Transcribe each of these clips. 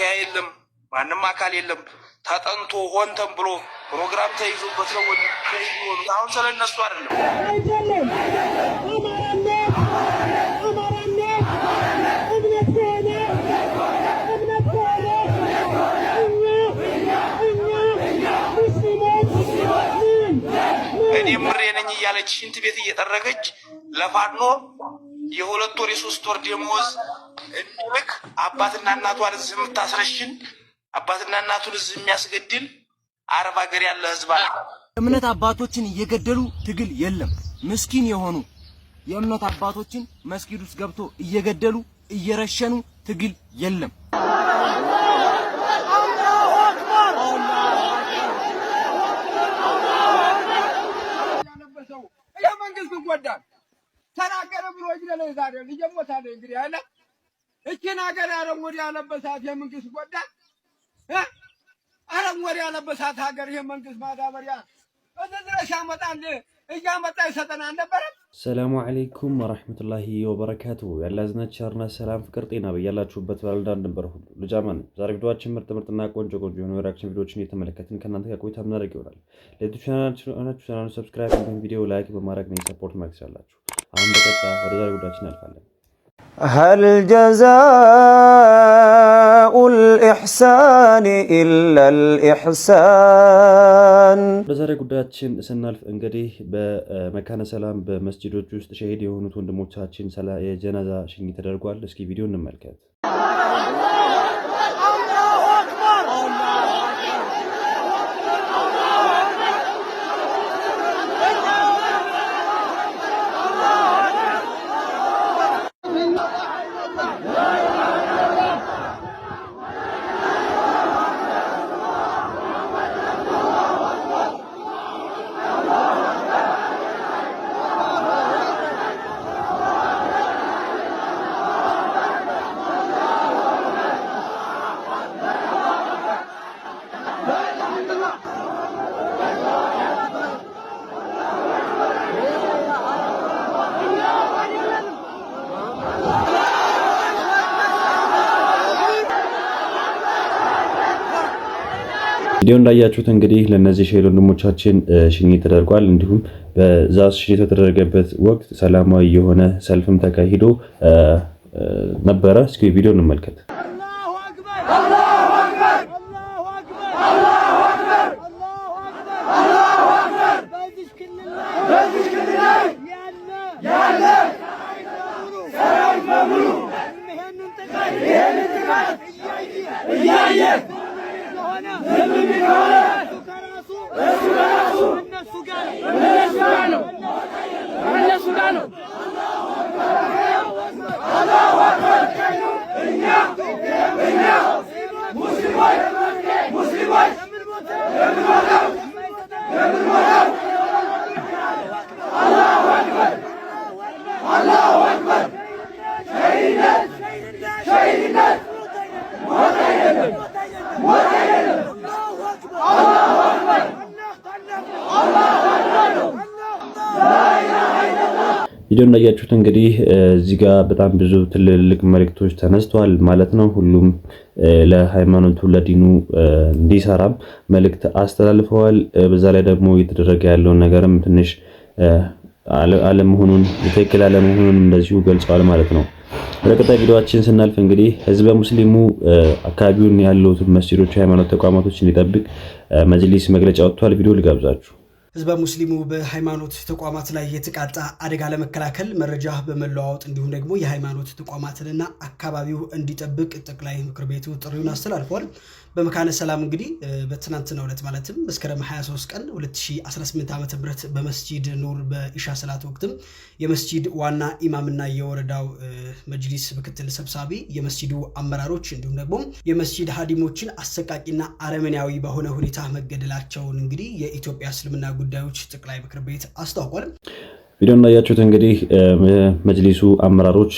መከላከያ የለም፣ ማንም አካል የለም። ተጠንቶ ሆን ተብሎ ፕሮግራም ተይዞበት ነው። አሁን ስለ እነሱ አይደለም። እኔ ምሬ ነኝ እያለች ሽንት ቤት እየጠረገች ለፋኖ የሁለት ወር የሶስት ወር ደሞዝ ልክ አባትና እናቷን እዚህ የምታስረሽን አባትና እናቱን እዚህ የሚያስገድል አረብ ሀገር ያለ ህዝብ አለ። እምነት አባቶችን እየገደሉ ትግል የለም። ምስኪን የሆኑ የእምነት አባቶችን መስጊድ ውስጥ ገብቶ እየገደሉ እየረሸኑ ትግል የለም። መንግስት ይጎዳል ተናገረ ብሎ ዛሬ ልጀሞታለ እንግዲህ እችን ሀገር አረንጓዴ ያለበሳት የመንግስት ጎዳ አረንጓዴ ያለበሳት ሀገር ይሄ መንግስት ማዳበሪያ በትድረሽ ያመጣል እያመጣ ይሰጠን አልነበረም። ሰላሙ አለይኩም ወረሕመቱላሂ ወበረካቱ። ያላዝነት ቸርና ሰላም ፍቅር ጤና በያላችሁበት ባልዳር ድንበር ሁሉ ልጃማን ዛሬ ቪዲዮችን ምርጥ ምርጥና ቆንጆ ቆንጆ የሆኑ ሪያክሽን ቪዲዮችን እየተመለከትን ከእናንተ ጋር ቆይታ ምናደርግ ይሆናል። ለዚህ ቻናላችሁ ቻናሉ ሰብስክራይብ፣ ቪዲዮ ላይክ በማድረግ ነው ሰፖርት ማድረግ ማግስላችሁ። አሁን በቀጥታ ወደ ዛሬ ጉዳያችን እናልፋለን። هل جزاء الإحسان إلا الإحسان። በዛሬ ጉዳያችን ስናልፍ እንግዲህ በመካነ ሰላም በመስጅዶች ውስጥ ሸሂድ የሆኑት ወንድሞቻችን የጀነዛ ሽኝ ተደርጓል። እስኪ ቪዲዮ እንመልከት። እንዲሁ እንዳያችሁት እንግዲህ ለእነዚህ ሼል ወንድሞቻችን ሽኝት ተደርጓል። እንዲሁም በዛ ሽኝት በተደረገበት ወቅት ሰላማዊ የሆነ ሰልፍም ተካሂዶ ነበረ። እስኪ ቪዲዮ እንመልከት። Yeah, yeah. ከሆነ ከራሱ እነሱ ጋር ነው እነሱ ጋር ነው። ቪዲዮ እንዳያችሁት እንግዲህ እዚህ ጋር በጣም ብዙ ትልልቅ መልእክቶች ተነስተዋል ማለት ነው። ሁሉም ለሃይማኖቱ ለዲኑ እንዲሰራም መልእክት አስተላልፈዋል። በዛ ላይ ደግሞ እየተደረገ ያለውን ነገርም ትንሽ አለመሆኑን ትክክል አለመሆኑን እንደዚሁ ገልጸዋል ማለት ነው። በቀጣይ ቪዲዮችን ስናልፍ እንግዲህ ህዝበ ሙስሊሙ አካባቢውን ያሉት መስጂዶች፣ ሃይማኖት ተቋማቶች እንዲጠብቅ መጅሊስ መግለጫ ወጥቷል። ቪዲዮ ልጋብዛችሁ። ህዝበ ሙስሊሙ በሃይማኖት ተቋማት ላይ የተቃጣ አደጋ ለመከላከል መረጃ በመለዋወጥ እንዲሁም ደግሞ የሃይማኖት ተቋማትንና አካባቢው እንዲጠብቅ ጠቅላይ ምክር ቤቱ ጥሪውን አስተላልፏል። በመካነ ሰላም እንግዲህ በትናንትናው ዕለት ማለትም መስከረም 23 ቀን 2018 ዓ ም በመስጂድ ኑር በኢሻ ሰላት ወቅትም የመስጂድ ዋና ኢማምና የወረዳው መጅሊስ ምክትል ሰብሳቢ የመስጂዱ አመራሮች እንዲሁም ደግሞ የመስጂድ ሀዲሞችን አሰቃቂና አረመኔያዊ በሆነ ሁኔታ መገደላቸውን እንግዲህ የኢትዮጵያ እስልምና ጉዳይ ጉዳዮች ጠቅላይ ምክር ቤት አስታውቋል። ቪዲዮ እንዳያችሁት እንግዲህ መጅሊሱ አመራሮች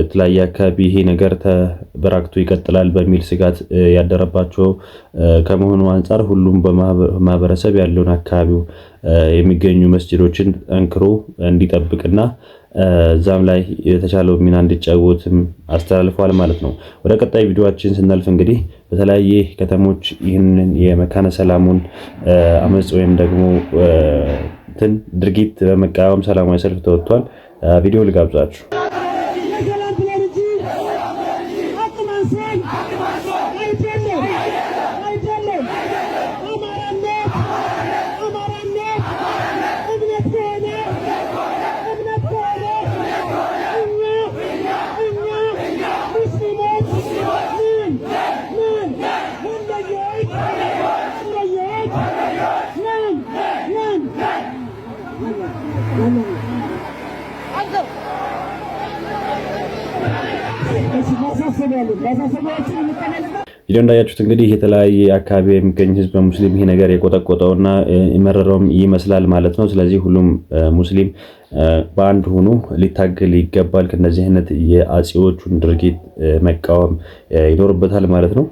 የተለያየ አካባቢ ይሄ ነገር ተበራክቶ ይቀጥላል በሚል ስጋት ያደረባቸው ከመሆኑ አንጻር ሁሉም በማህበረሰብ ያለውን አካባቢው የሚገኙ መስጅዶችን ጠንክሮ እንዲጠብቅና እዛም ላይ የተቻለው ሚና እንዲጫወትም አስተላልፏል ማለት ነው። ወደ ቀጣይ ቪዲዮችን ስናልፍ እንግዲህ በተለያየ ከተሞች ይህንን የመካነ ሰላሙን አመፅ ወይም ደግሞ ድርጊት በመቃወም ሰላማዊ ሰልፍ ተወጥቷል። ቪዲዮ ልጋብዛችሁ። ቪዲዮ እንዳያችሁት እንግዲህ የተለያየ አካባቢ የሚገኝ ህዝብ በሙስሊም ይሄ ነገር የቆጠቆጠውና የመረረውም ይመስላል ማለት ነው። ስለዚህ ሁሉም ሙስሊም በአንድ ሆኖ ሊታገል ይገባል። ከእነዚህ አይነት የአፄዎቹን ድርጊት መቃወም ይኖርበታል ማለት ነው።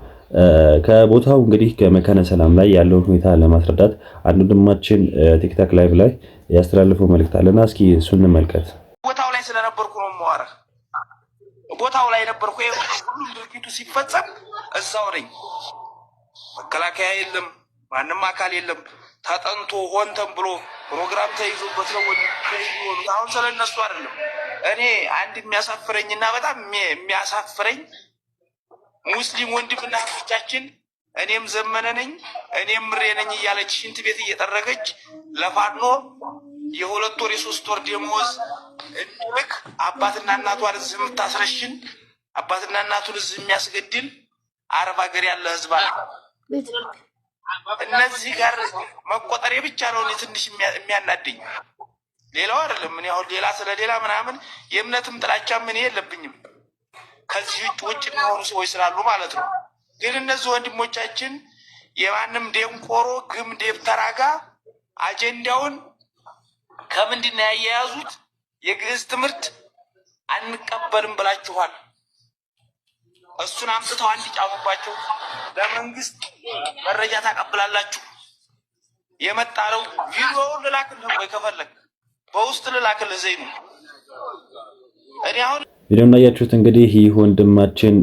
ከቦታው እንግዲህ ከመካነ ሰላም ላይ ያለውን ሁኔታ ለማስረዳት አንድ ወንድማችን ቲክታክ ላይቭ ላይ ያስተላልፈው መልእክት አለና እስኪ እሱ እንመልከት። ቦታው ላይ ስለነበርኩ ነው የማወራህ። ቦታው ላይ ነበርኩ። ሁሉም ድርጊቱ ሲፈጸም እዛው ነኝ። መከላከያ የለም፣ ማንም አካል የለም። ተጠንቶ ሆን ተብሎ ፕሮግራም ተይዞበት ነው አሁን ስለነሱ አይደለም። እኔ አንድ የሚያሳፍረኝ እና በጣም የሚያሳፍረኝ ሙስሊም ወንድምና እህቶቻችን እኔም ዘመነ ነኝ እኔም ምሬ ነኝ እያለች ሽንት ቤት እየጠረገች ለፋኖ የሁለት ወር የሶስት ወር ደሞዝ እንልክ አባትና እናቷን እዚህ የምታስረሽን አባትና እናቱን እዚህ የሚያስገድል አረብ ሀገር ያለ ህዝብ አለ። እነዚህ ጋር መቆጠሬ ብቻ ነው ትንሽ የሚያናድኝ፣ ሌላው አይደለም። ምን ያሁን ሌላ ስለሌላ ምናምን የእምነትም ጥላቻ ምን የለብኝም። ከዚህ ውጭ የሚሆኑ ሰዎች ስላሉ ማለት ነው። ግን እነዚህ ወንድሞቻችን የማንም ደንቆሮ ግም ደብተራ ጋር አጀንዳውን ከምንድን ነው ያያያዙት? የግዕዝ ትምህርት አንቀበልም ብላችኋል። እሱን አምጥተው አንድ ለመንግስት መረጃ ታቀብላላችሁ። የመጣለው ቪዲዮውን ልላክልህ ወይ ከፈለግ በውስጥ ልላክልህ። ዘይኑ እኔ አሁን ቪዲዮ እንዳያችሁት እንግዲህ ይህ ወንድማችን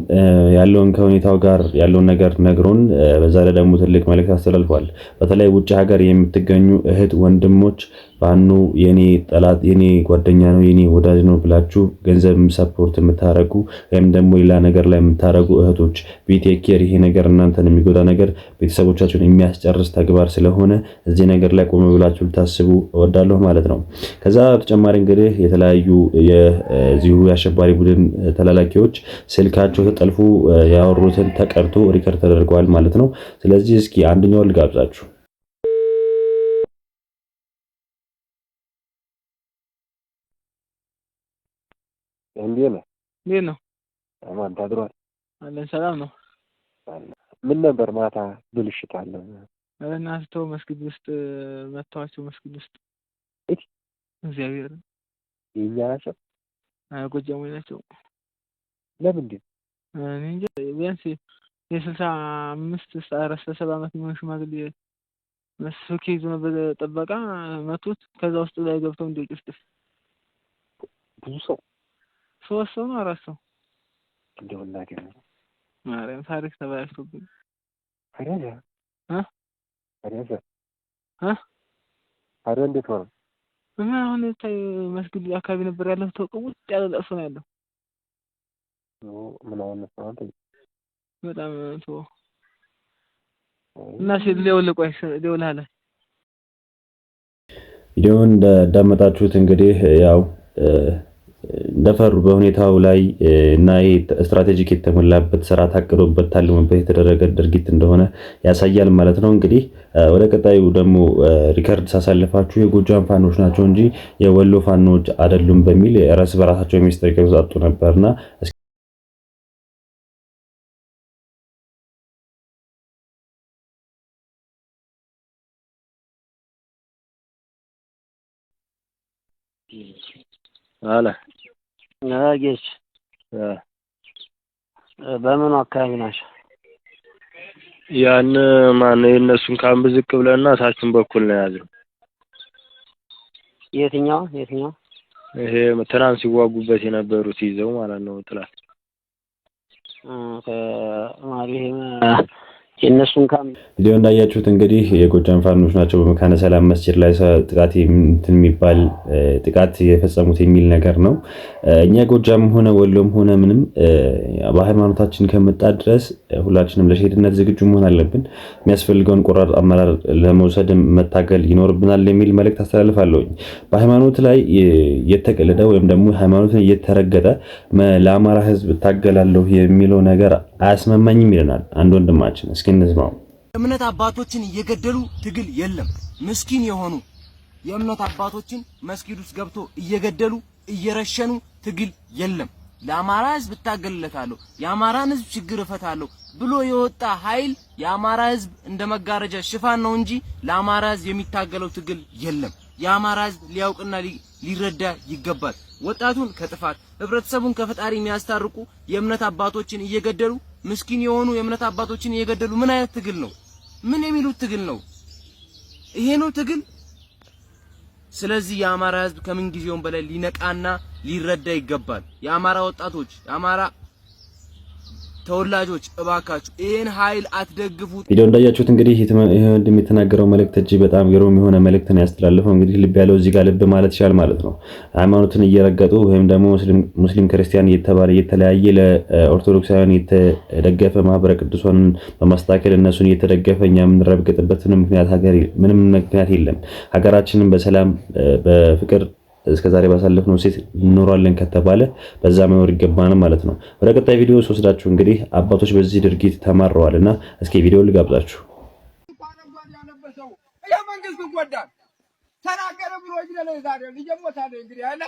ያለውን ከሁኔታው ጋር ያለውን ነገር ነግሮን በዛ ላይ ደግሞ ትልቅ መልእክት አስተላልፏል። በተለይ ውጭ ሀገር የምትገኙ እህት ወንድሞች ፋኖ የኔ ጠላት የኔ ጓደኛ ነው የኔ ወዳጅ ነው ብላችሁ ገንዘብ ሰፖርት የምታረጉ ወይም ደግሞ ሌላ ነገር ላይ የምታረጉ እህቶች ቤቴኬር ይሄ ነገር እናንተን የሚጎዳ ነገር ቤተሰቦቻችሁን የሚያስጨርስ ተግባር ስለሆነ እዚህ ነገር ላይ ቆም ብላችሁ ልታስቡ እወዳለሁ ማለት ነው። ከዛ በተጨማሪ እንግዲህ የተለያዩ የዚሁ የአሸባሪ ቡድን ተላላኪዎች ስልካቸው ተጠልፎ ያወሩትን ተቀርቶ ሪከርድ ተደርገዋል ማለት ነው። ስለዚህ እስኪ አንደኛው ልጋብዛችሁ። እንዴት ነህ? እንዴት ነው? አማን ታድሯል? አለን ሰላም ነው። ምን ነበር ማታ ብልሽት አለ? እናስተው መስጊድ ውስጥ መጥተዋቸው መስጊድ ውስጥ እግዚአብሔር የኛ ናቸው ጎጃሙ ናቸው። ለምንድን እኔ እንጃ ቢያንስ የስልሳ አምስት አረስተ ሰባ ዓመት የሚሆን ሽማግሌ መስኪ ይዞ ነበር ጠበቃ መቱት። ከዛ ውስጥ ላይ ገብተው እንዲወጭ ውስጥ ብዙ ሰው ሶስት ሰው ነው አራት ሰው እንደው እናቴ ነው። ማርያም ታሪክ ተበላሽቶብኝ። አረዘ አ አረዘ አ አረ እንዴት ሆነ? እና አሁን ታይ መስጊድ አካባቢ ነበር ያለው ተቀውጥ ያለ ለቅሶ ነው ያለው። ኦ ምን አሁን ነው አንተ በጣም ቶ እና ሲል ሊወልቁ ሊወልሃለ ቪዲዮውን እንዳዳመጣችሁት እንግዲህ ያው ለፈሩ በሁኔታው ላይ እና ይህ ስትራቴጂክ የተሞላበት ስራ ታቅዶበት ታልሞበት የተደረገ ድርጊት እንደሆነ ያሳያል ማለት ነው። እንግዲህ ወደ ቀጣዩ ደግሞ ሪከርድ ሳሳልፋችሁ የጎጃም ፋኖች ናቸው እንጂ የወሎ ፋኖች አይደሉም በሚል ራስ በራሳቸው ሚኒስትር ገብዝ ነበርና አለ ጌች በምኑ አካባቢ ናቸው? ያን ማነው የእነሱን ካምብ ዝቅ ብለና ታችን በኩል ነው የያዝነው። የትኛው የትኛው? ይሄ ትናንት ሲዋጉበት የነበሩት ይዘው ማለት ነው። ጥላት ይሄ የእነሱን ካም እንዲሁ እንዳያችሁት እንግዲህ የጎጃም ፋኖች ናቸው በመካነ ሰላም መስጅድ ላይ ጥቃት የሚባል ጥቃት የፈጸሙት የሚል ነገር ነው። እኛ ጎጃም ሆነ ወሎም ሆነ ምንም በሃይማኖታችን ከመጣ ድረስ ሁላችንም ለሸሂድነት ዝግጁ መሆን አለብን። የሚያስፈልገውን ቆራር አመራር ለመውሰድ መታገል ይኖርብናል የሚል መልእክት አስተላልፋለሁኝ። በሃይማኖት ላይ የተቀለደ ወይም ደግሞ ሃይማኖትን እየተረገጠ ለአማራ ህዝብ እታገላለሁ የሚለው ነገር አያስመማኝም ይለናል አንድ ወንድማችን። እስኪ እንስማው። የእምነት አባቶችን እየገደሉ ትግል የለም። ምስኪን የሆኑ የእምነት አባቶችን መስጊድ ውስጥ ገብቶ እየገደሉ እየረሸኑ ትግል የለም። ለአማራ ህዝብ እታገልለታለሁ የአማራን ህዝብ ችግር እፈታለሁ ብሎ የወጣ ኃይል የአማራ ህዝብ እንደ መጋረጃ ሽፋን ነው እንጂ ለአማራ ህዝብ የሚታገለው ትግል የለም። የአማራ ህዝብ ሊያውቅና ሊረዳ ይገባል። ወጣቱን ከጥፋት ህብረተሰቡን ከፈጣሪ የሚያስታርቁ የእምነት አባቶችን እየገደሉ ምስኪን የሆኑ የእምነት አባቶችን እየገደሉ ምን አይነት ትግል ነው? ምን የሚሉት ትግል ነው? ይሄ ነው ትግል? ስለዚህ የአማራ ህዝብ ከምን ጊዜውም በላይ ሊነቃና ሊረዳ ይገባል። የአማራ ወጣቶች፣ የአማራ ተወላጆች እባካችሁ ይህን ኃይል አትደግፉት። ቪዲዮ እንዳያችሁት እንግዲህ ወንድም የተናገረው መልእክት እጅ በጣም ግሩም የሆነ መልእክት ነው ያስተላለፈው። እንግዲህ ልብ ያለው እዚህ ጋር ልብ ማለት ይችላል ማለት ነው። ሃይማኖትን እየረገጡ ወይም ደግሞ ሙስሊም ክርስቲያን እየተባለ እየተለያየ ለኦርቶዶክሳውያን የተደገፈ ማህበረ ቅዱሳንን በማስተካከል እነሱን እየተደገፈ እኛ የምንረግጥበትን ምክንያት ምንም ምክንያት የለም። ሀገራችንን በሰላም በፍቅር እስከዛሬ ባሳለፍነው ሴት እንኖራለን ከተባለ በዛ መኖር ይገባናል ማለት ነው። ወደ ቀጣይ ቪዲዮ ስወስዳችሁ እንግዲህ አባቶች በዚህ ድርጊት ተማረዋል እና እስኪ ቪዲዮ ልጋብዛችሁ። ተናገረ ብሎ ዛሬ ልጀሞታ እንግዲህ አለ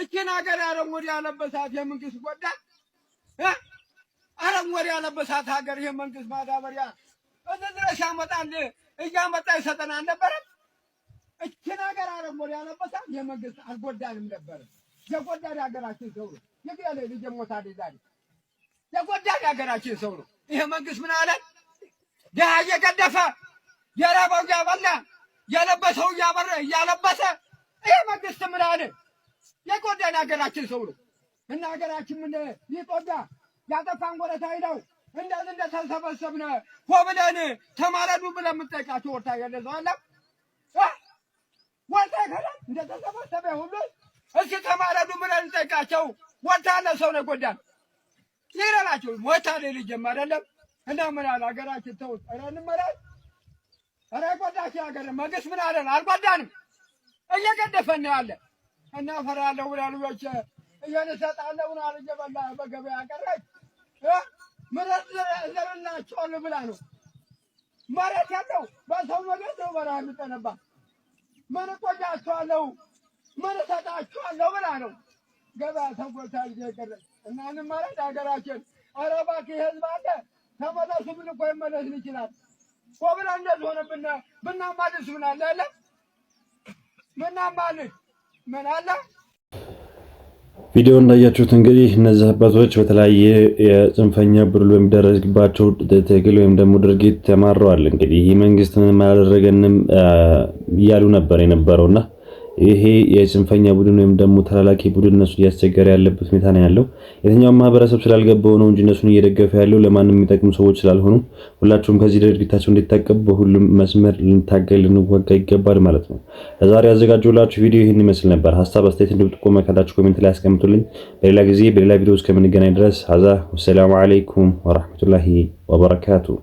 እችን ሀገር አረንጓዴ ያለበሳት የመንግስት አረንጓዴ ያለበሳት ሀገር ይህ መንግስት ማዳበሪያ በዚህ ድረስ ያመጣል እያመጣ እቺ ነገር አረሞ ያለበታ የመንግስት አልጎዳንም ነበር። የጎዳን የሀገራችን ሰው ነው። የገለ ልጅ ሞታ ዛሬ የጎዳን የሀገራችን ሰው ነው። ይሄ መንግስት ምን አለ? ድሃ እየገደፈ የራበው እያበላ የለበሰው እያበረ እያለበሰ ይሄ መንግስት ምን አለ? የጎዳን የሀገራችን ሰው ነው እና ሀገራችን ምን ይቆዳ ያጠፋን ጎረታ ይለው እንደዚህ እንደተሰበሰብነ ሆብለን ተማረዱ ብለን የምንጠይቃቸው ወርታ የለ ሰው አለ ወልታ ይከላል እንደተሰበሰበ ሁሉ እስኪ ተማረዱ ብለን እንጠይቃቸው። ወልታ ለሰው ነው ጎዳን ይረላቸው ወታ ልጅም አይደለም እና ምን አለ ሀገራችን ተውት፣ ኧረ እንመራል። ኧረ ጎዳች ሀገር መንግስት ምን አለን? አልጎዳንም፣ እየገደፈን ያለ እና ፈራለሁ ውላልዎች እየንሰጣለሁ ናል እየበላ በገበያ ቀረች ምረት ዘርላቸዋል ብላ ነው መሬት ያለው በሰው መገድ ነው በረሃ የሚጠነባ ምን ቆጫችኋለሁ፣ ምን እሰጣችኋለሁ ብላ ነው ገባ ተጎታ ልጅ የቀረች እና ንም ማለት ሀገራችን ኧረ እባክህ ህዝብ አለ ተመለሱ ብል እኮ ይመለስ ይችላል እኮ ብላ እንደዚህ ሆነ ብና ብናማልስ ምን አለ አለ ምን አማልስ ምን አለ ቪዲዮ እንዳያችሁት እንግዲህ እነዚህ አባቶች በተለያየ የጽንፈኛ ብርሉ በሚደረግባቸው ትግል ወይም ደግሞ ድርጊት ተማረዋል። እንግዲህ ይህ መንግስትንም አላደረገንም እያሉ ነበር የነበረውና ይሄ የጽንፈኛ ቡድን ወይም ደግሞ ተላላኪ ቡድን እነሱን እያስቸገረ ያለበት ሁኔታ ነው ያለው። የትኛውም ማህበረሰብ ስላልገባው ነው እንጂ እነሱን እየደገፈ ያለው ለማንም የሚጠቅሙ ሰዎች ስላልሆኑ፣ ሁላችሁም ከዚህ ድርጊታቸው እንዲታቀቡ በሁሉም መስመር ልንታገል ልንዋጋ ይገባል ማለት ነው። ለዛሬ ያዘጋጀሁላችሁ ቪዲዮ ይህን ይመስል ነበር። ሀሳብ አስተያየት፣ እንዲሁም ጥቆማ ካላችሁ ኮሜንት ላይ አስቀምጡልኝ። በሌላ ጊዜ በሌላ ቪዲዮ እስከምንገናኝ ድረስ አዛ ወሰላሙ አለይኩም ወራህመቱላሂ ወበረካቱ።